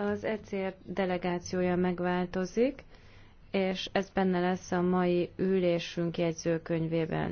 Az ECR delegációja megváltozik, és ez benne lesz a mai ülésünk jegyzőkönyvében.